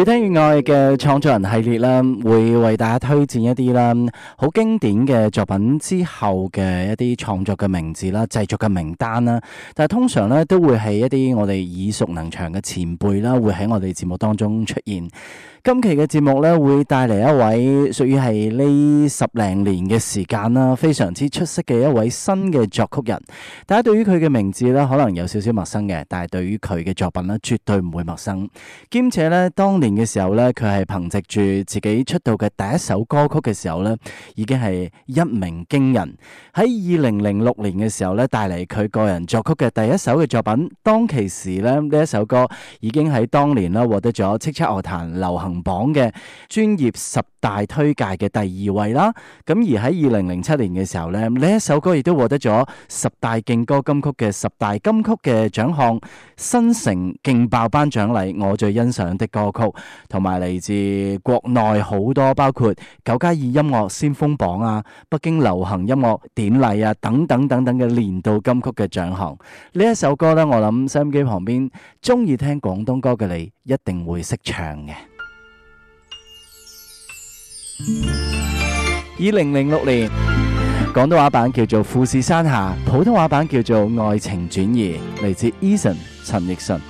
粵聽粵愛嘅創作人系列啦，會為大家推薦一啲啦，好經典嘅作品之後嘅一啲創作嘅名字啦，製作嘅名單啦，但係通常呢，都會係一啲我哋耳熟能詳嘅前輩啦，會喺我哋節目當中出現。今期嘅節目咧，會帶嚟一位屬於係呢十零年嘅時間啦，非常之出色嘅一位新嘅作曲人。大家對於佢嘅名字咧，可能有少少陌生嘅，但係對於佢嘅作品咧，絕對唔會陌生。兼且咧，當年嘅時候咧，佢係憑借住自己出道嘅第一首歌曲嘅時候咧，已經係一鳴驚人。喺二零零六年嘅時候咧，帶嚟佢個人作曲嘅第一首嘅作品，當其時咧，呢一首歌已經喺當年啦獲得咗叱咤樂壇流行榜嘅專業十大推介嘅第二位啦。咁而喺二零零七年嘅時候呢，呢一首歌亦都獲得咗十大勁歌金曲嘅十大金曲嘅獎項，新城勁爆頒獎禮我最欣賞的歌曲，同埋嚟自國內好多包括九加二音樂先鋒榜啊、北京流行音樂典禮啊等等等等嘅年度金曲嘅獎項，呢一首歌呢，我諗收音機旁邊中意聽廣東歌嘅你，一定會識唱嘅。二零零六年，廣東話版叫做《富士山下》，普通話版叫做《愛情轉移》來自 Eason，嚟自 Eason 陳奕迅。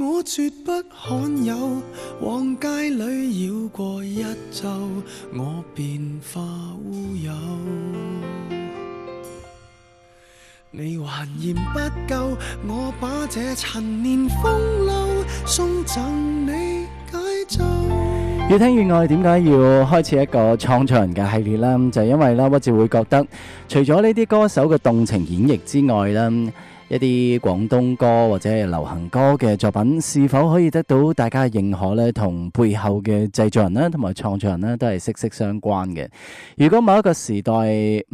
我絕不罕有，往街裏繞過一周，我便化烏有。你還嫌不夠，我把這陳年風褸送贈你解咒。越聽越愛，點解要開始一個創作人嘅系列啦？就係因為啦，我自會覺得，除咗呢啲歌手嘅動情演繹之外啦。一啲廣東歌或者係流行歌嘅作品，是否可以得到大家嘅認可呢？同背後嘅製作人啦，同埋創作人呢，都係息息相關嘅。如果某一個時代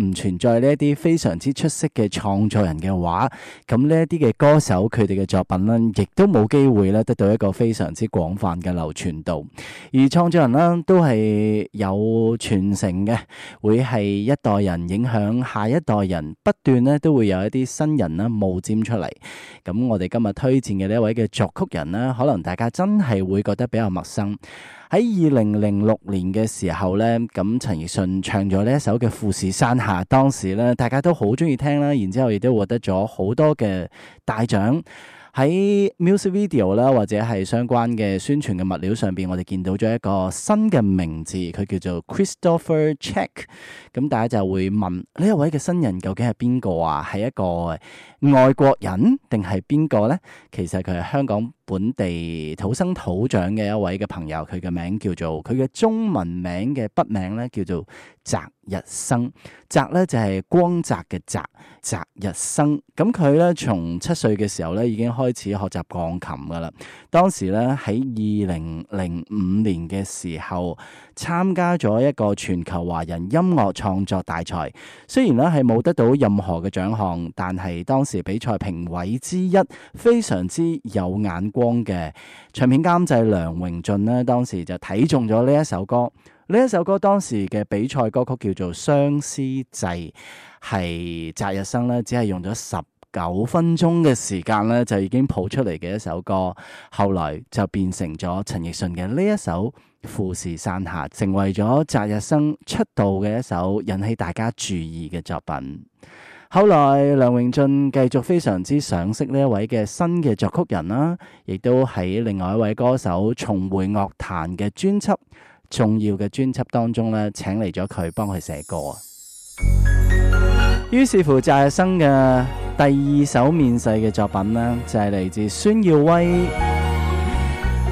唔存在呢一啲非常之出色嘅創作人嘅話，咁呢一啲嘅歌手佢哋嘅作品呢，亦都冇機會咧得到一個非常之廣泛嘅流傳度。而創作人呢，都係有傳承嘅，會係一代人影響下一代人，不斷呢都會有一啲新人啦冒尖出嚟，咁我哋今日推薦嘅呢一位嘅作曲人呢，可能大家真係會覺得比較陌生。喺二零零六年嘅時候呢，咁陳奕迅唱咗呢一首嘅《富士山下》，當時呢大家都好中意聽啦，然之後亦都獲得咗好多嘅大獎。喺 music video 啦，或者係相關嘅宣傳嘅物料上面，我哋見到咗一個新嘅名字，佢叫做 Christopher Check。咁大家就會問呢一位嘅新人究竟係邊個啊？係一個外國人定係邊個呢？」其實佢係香港本地土生土長嘅一位嘅朋友，佢嘅名叫做佢嘅中文名嘅筆名咧叫做澤日生，澤咧就係光澤嘅澤，澤日生，咁佢咧從七歲嘅時候咧已經開始學習鋼琴噶啦。當時咧喺二零零五年嘅時候參加咗一個全球華人音樂創作大賽，雖然咧係冇得到任何嘅獎項，但係當時比賽評委之一非常之有眼光嘅唱片監製梁榮駿呢，當時就睇中咗呢一首歌。呢一首歌當時嘅比賽歌曲叫做《相思祭》，係澤日生只係用咗十九分鐘嘅時間呢就已經譜出嚟嘅一首歌。後來就變成咗陳奕迅嘅呢一首《富士山下》，成為咗澤日生出道嘅一首引起大家注意嘅作品。後來梁詠俊繼續非常之賞識呢一位嘅新嘅作曲人啦，亦都喺另外一位歌手重回樂壇嘅專輯。重要嘅專輯當中咧，請嚟咗佢幫佢寫歌啊。於是乎，澤日生嘅第二首面世嘅作品呢，就係、是、嚟自孫耀威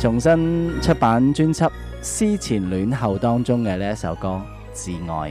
重新出版專輯《思前戀後》當中嘅呢一首歌《至愛》。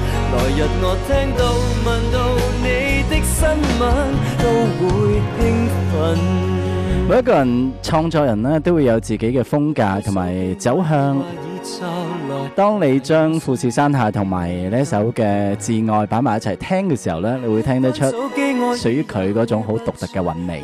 每一個人創作人呢，都會有自己嘅風格同埋走向。當你將富士山下同埋呢首嘅自愛擺埋一齊聽嘅時候呢，你會聽得出屬於佢嗰種好獨特嘅韻味。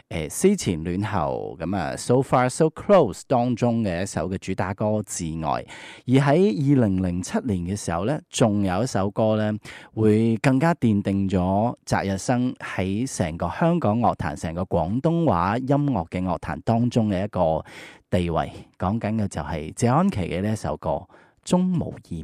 誒思前戀後咁啊，so far so close 當中嘅一首嘅主打歌《至愛》，而喺二零零七年嘅時候呢，仲有一首歌呢會更加奠定咗澤日生喺成個香港樂壇、成個廣東話音樂嘅樂壇當中嘅一個地位。講緊嘅就係謝安琪嘅呢一首歌《鍾無艷》。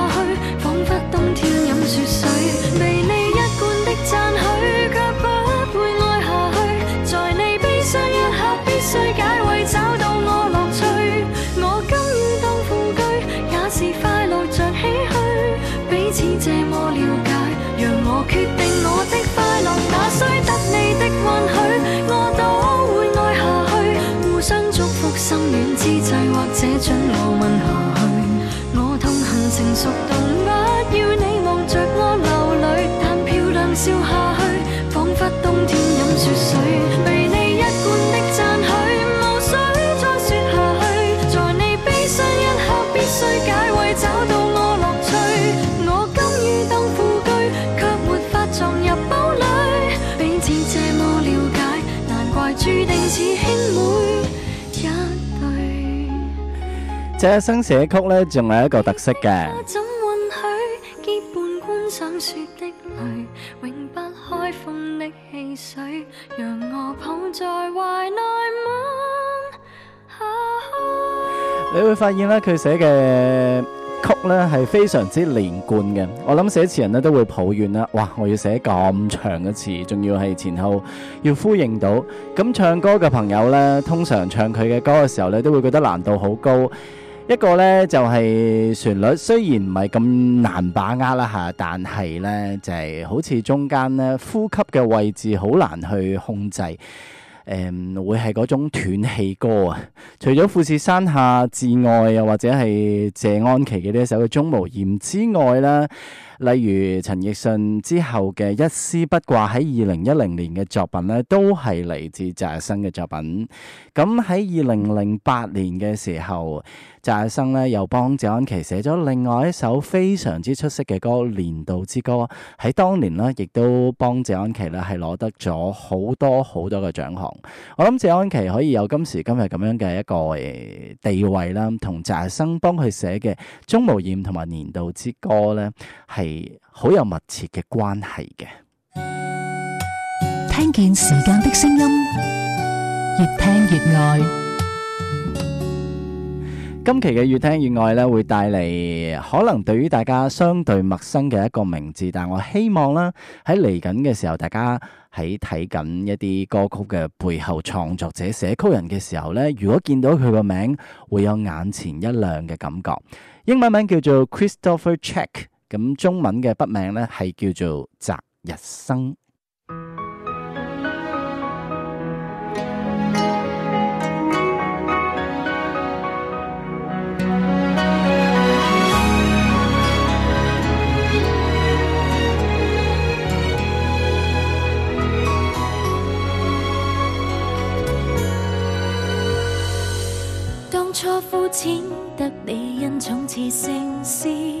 寫生寫曲呢，仲有一個特色嘅。你會發現呢佢寫嘅曲呢係非常之連貫嘅。我諗寫詞人呢都會抱怨啦，哇！我要寫咁長嘅詞，仲要係前後要呼應到。咁唱歌嘅朋友呢，通常唱佢嘅歌嘅時候呢，都會覺得難度好高。一個呢就係旋律，雖然唔係咁難把握啦吓，但係呢就係好似中間呼吸嘅位置好難去控制，誒、嗯，會係嗰種斷氣歌啊！除咗富士山下至愛，又或者係謝安琪嘅呢一首嘅《鍾無艷》之外呢。例如陳奕迅之後嘅一絲不掛，喺二零一零年嘅作品咧，都係嚟自澤生嘅作品。咁喺二零零八年嘅時候，澤生咧又幫謝安琪寫咗另外一首非常之出色嘅歌《年度之歌》，喺當年呢，亦都幫謝安琪呢係攞得咗好多好多嘅獎項。我諗謝安琪可以有今時今日咁樣嘅一個地位啦，同澤生幫佢寫嘅《鍾無艷》同埋《年度之歌》咧係好有密切嘅關係嘅，聽見時間的聲音，越聽越愛。今期嘅越聽越愛呢，會帶嚟可能對於大家相對陌生嘅一個名字。但我希望啦，喺嚟緊嘅時候，大家喺睇緊一啲歌曲嘅背後創作者、寫曲人嘅時候呢，如果見到佢個名會有眼前一亮嘅感覺。英文名叫做 Christopher Check。咁中文嘅筆名呢，係叫做澤日生。當初膚淺得你恩寵似聖詩。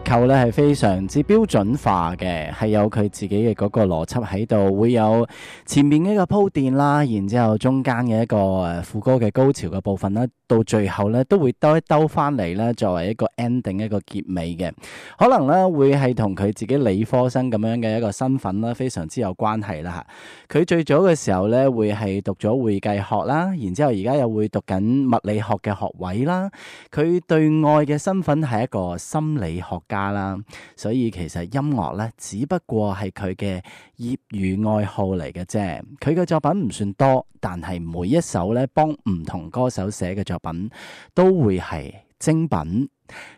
後咧係非常之標準化嘅，係有佢自己嘅個邏輯喺度，會有前面嘅一個鋪墊啦，然之後中間嘅一個誒副歌嘅高潮嘅部分啦，到最後咧都會兜一兜翻嚟咧作為一個 ending 一個結尾嘅，可能咧會係同佢自己理科生咁樣嘅一個身份啦，非常之有關係啦吓。佢最早嘅時候咧會係讀咗會計學啦，然之後而家又會讀緊物理學嘅學位啦。佢對外嘅身份係一個心理學家。啦，所以其實音樂咧只不過係佢嘅業餘愛好嚟嘅啫。佢嘅作品唔算多，但係每一首咧幫唔同歌手寫嘅作品都會係精品。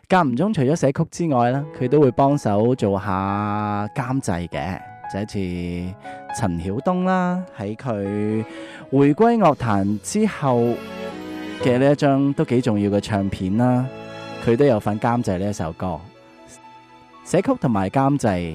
間唔中除咗寫曲之外咧，佢都會幫手做下監製嘅。就好似陳曉東啦，喺佢回歸樂壇之後嘅呢一張都幾重要嘅唱片啦，佢都有份監製呢一首歌。寫曲同埋監製。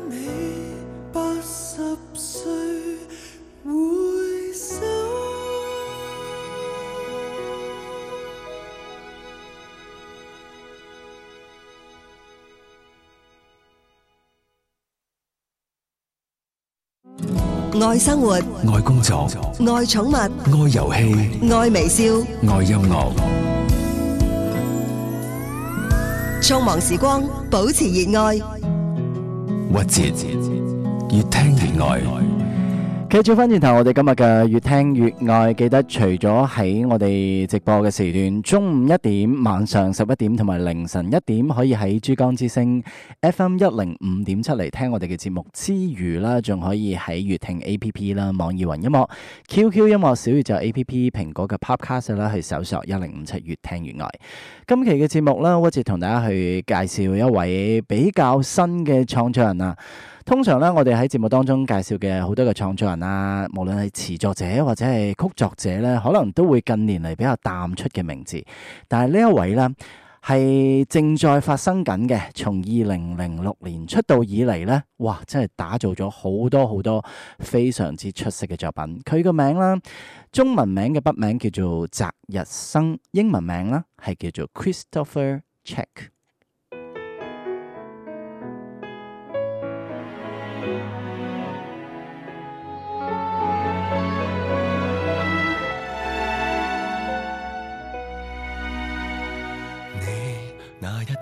愛生活，愛工作，愛寵物，愛遊戲，愛微笑，愛音樂。匆忙時光，保持熱愛。屈折，越聽越愛。繼續返轉頭，我哋今日嘅越聽越愛，記得除咗喺我哋直播嘅時段，中午一點、晚上十一點同埋凌晨一點，可以喺珠江之星 F M 一零五點七嚟聽我哋嘅節目之餘啦，仲可以喺粵聽 A P P 啦、網易雲音樂、Q Q 音樂、小宇宙 A P P、蘋果嘅 Podcast 啦去搜索一零五七越聽越愛。今期嘅節目啦，我接同大家去介紹一位比較新嘅創作人啊。通常咧，我哋喺節目當中介紹嘅好多嘅創作人啊，無論係詞作者或者係曲作者咧，可能都會近年嚟比較淡出嘅名字。但係呢一位呢，係正在發生緊嘅。從二零零六年出道以嚟呢，哇，真係打造咗好多好多非常之出色嘅作品。佢個名啦，中文名嘅筆名叫做澤日生，英文名呢，係叫做 Christopher Check。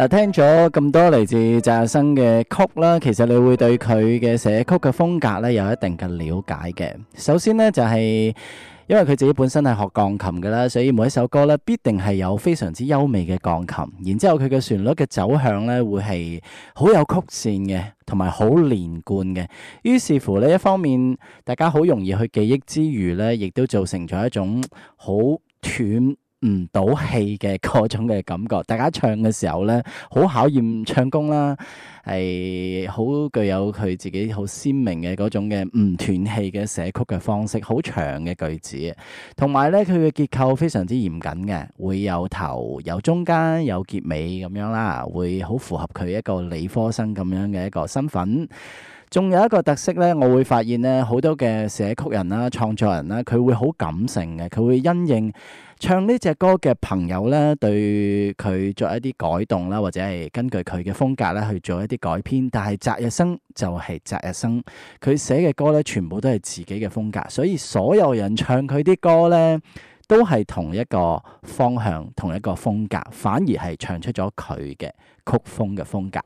嗱，聽咗咁多嚟自澤日生嘅曲啦，其實你會對佢嘅寫曲嘅風格咧有一定嘅了解嘅。首先呢，就係因為佢自己本身係學鋼琴㗎啦，所以每一首歌咧必定係有非常之優美嘅鋼琴。然之後佢嘅旋律嘅走向咧會係好有曲線嘅，同埋好連貫嘅。於是乎呢，一方面大家好容易去記憶之餘呢，亦都造成咗一種好斷唔到氣嘅嗰種嘅感覺，大家唱嘅時候呢，好考驗唱功啦，係好具有佢自己好鮮明嘅嗰種嘅唔斷氣嘅寫曲嘅方式，好長嘅句子，同埋呢，佢嘅結構非常之嚴謹嘅，會有頭、有中間、有結尾咁樣啦，會好符合佢一個理科生咁樣嘅一個身份。仲有一個特色咧，我會發現咧，好多嘅寫曲人啦、創作人啦，佢會好感性嘅，佢會因應唱呢隻歌嘅朋友咧，對佢作一啲改動啦，或者係根據佢嘅風格咧去做一啲改編。但係澤日生就係澤日生，佢寫嘅歌咧，全部都係自己嘅風格，所以所有人唱佢啲歌咧，都係同一個方向、同一個風格，反而係唱出咗佢嘅曲風嘅風格。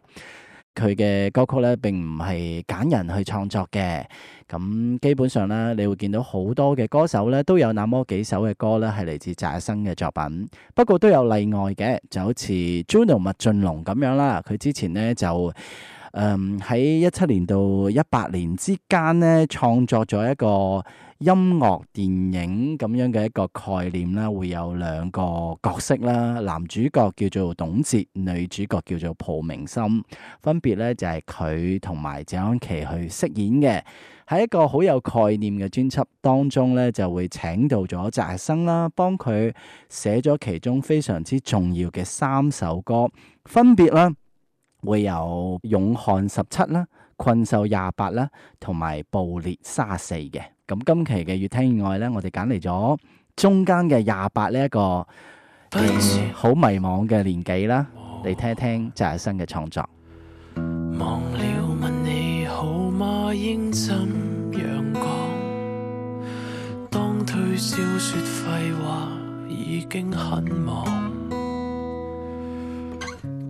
佢嘅歌曲咧並唔係揀人去創作嘅，咁基本上咧，你會見到好多嘅歌手咧都有那麼幾首嘅歌咧係嚟自澤生嘅作品，不過都有例外嘅，就好似 Juno 麥浚龍咁樣啦，佢之前咧就嗯喺一七年到一八年之間咧創作咗一個音樂電影咁樣嘅一個概念啦，會有兩個角色啦，男主角叫做董哲，女主角叫做蒲明心，分別咧就係佢同埋謝安琪去飾演嘅。喺一個好有概念嘅專輯當中咧，就會請到咗澤生啦，幫佢寫咗其中非常之重要嘅三首歌，分別啦，會有《勇漢十七》啦，《困獸廿八》啦，同埋《暴裂卅四》嘅。咁今期嘅越聽越愛咧，我哋揀嚟咗中間嘅廿八，呢一個好迷茫嘅年紀啦，嚟聽一聽就係新嘅創作。忘了問你好嗎？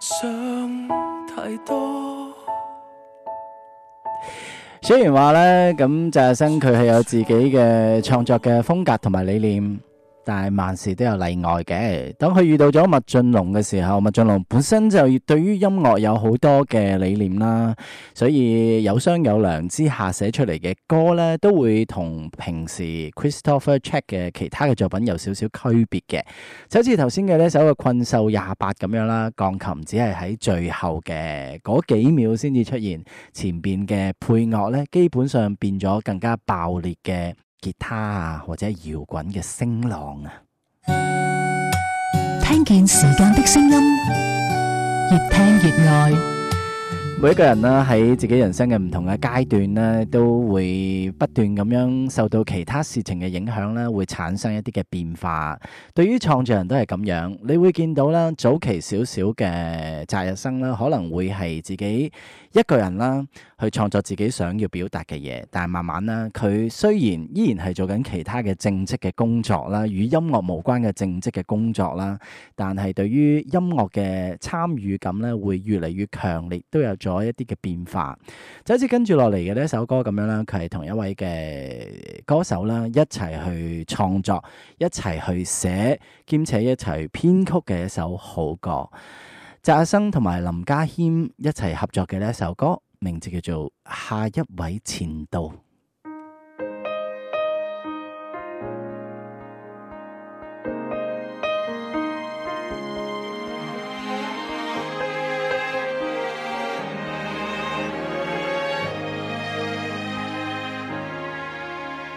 想太多。雖然話咧，咁澤日生佢係有自己嘅創作嘅風格同埋理念。但係萬事都有例外嘅，等佢遇到咗麥浚龍嘅時候，麥浚龍本身就對於音樂有好多嘅理念啦，所以有商有量之下寫出嚟嘅歌咧，都會同平時 Christopher Check 嘅其他嘅作品有少少區別嘅。就好似頭先嘅呢首嘅《困獸廿八》咁樣啦，鋼琴只係喺最後嘅嗰幾秒先至出現，前邊嘅配樂咧，基本上變咗更加爆裂嘅。吉他啊，或者搖滾嘅聲浪啊，聽見時間的聲音，越聽越愛。每一個人啦，喺自己人生嘅唔同嘅階段咧，都會不斷咁樣受到其他事情嘅影響咧，會產生一啲嘅變化。對於創作人都係咁樣，你會見到啦，早期少少嘅澤日生啦，可能會係自己一個人啦，去創作自己想要表達嘅嘢。但係慢慢啦，佢雖然依然係做緊其他嘅正職嘅工作啦，與音樂無關嘅正職嘅工作啦，但係對於音樂嘅參與感咧，會越嚟越強烈，都有做。咗一啲嘅變化，就好似跟住落嚟嘅呢一首歌咁樣啦，佢係同一位嘅歌手啦一齊去創作，一齊去寫，兼且一齊編曲嘅一首好歌。澤生同埋林家謙一齊合作嘅呢一首歌，名字叫做《下一位前度》。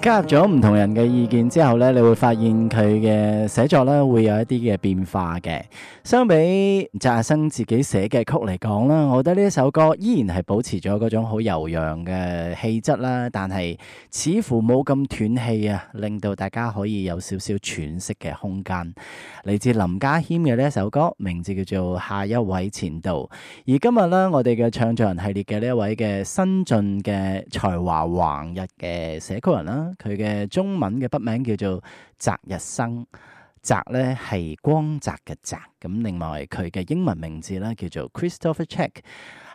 加入咗唔同人嘅意見之後呢，你會發現佢嘅寫作呢會有一啲嘅變化嘅。相比澤日生自己寫嘅曲嚟講啦，我覺得呢一首歌依然係保持咗嗰種好悠揚嘅氣質啦，但係似乎冇咁斷氣啊，令到大家可以有少少喘息嘅空間。嚟自林家謙嘅呢一首歌，名字叫做《下一位前度》。而今日咧，我哋嘅唱作人系列嘅呢一位嘅新晉嘅才華橫溢嘅寫曲人啦，佢嘅中文嘅筆名叫做澤日生。澤咧係光澤嘅澤，咁另外佢嘅英文名字咧叫做 Christopher Check。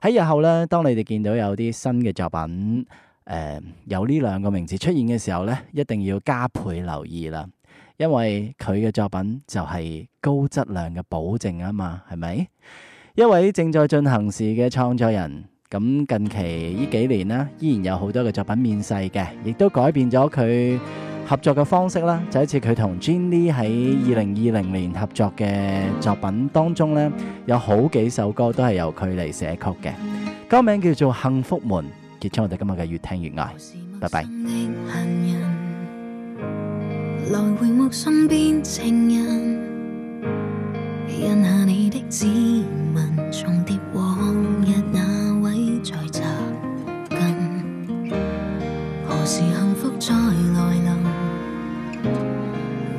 喺日後咧，當你哋見到有啲新嘅作品，誒、呃、有呢兩個名字出現嘅時候咧，一定要加倍留意啦，因為佢嘅作品就係高質量嘅保證啊嘛，係咪？一位正在進行時嘅創作人，咁近期呢幾年啦，依然有好多嘅作品面世嘅，亦都改變咗佢合作嘅方式啦，就一次佢同 Gin Lee 喺二零二零年合作嘅作品當中咧，有好幾首歌都係由佢嚟寫曲嘅，歌名叫做《幸福門》，結束我哋今日嘅越聽越愛，拜拜。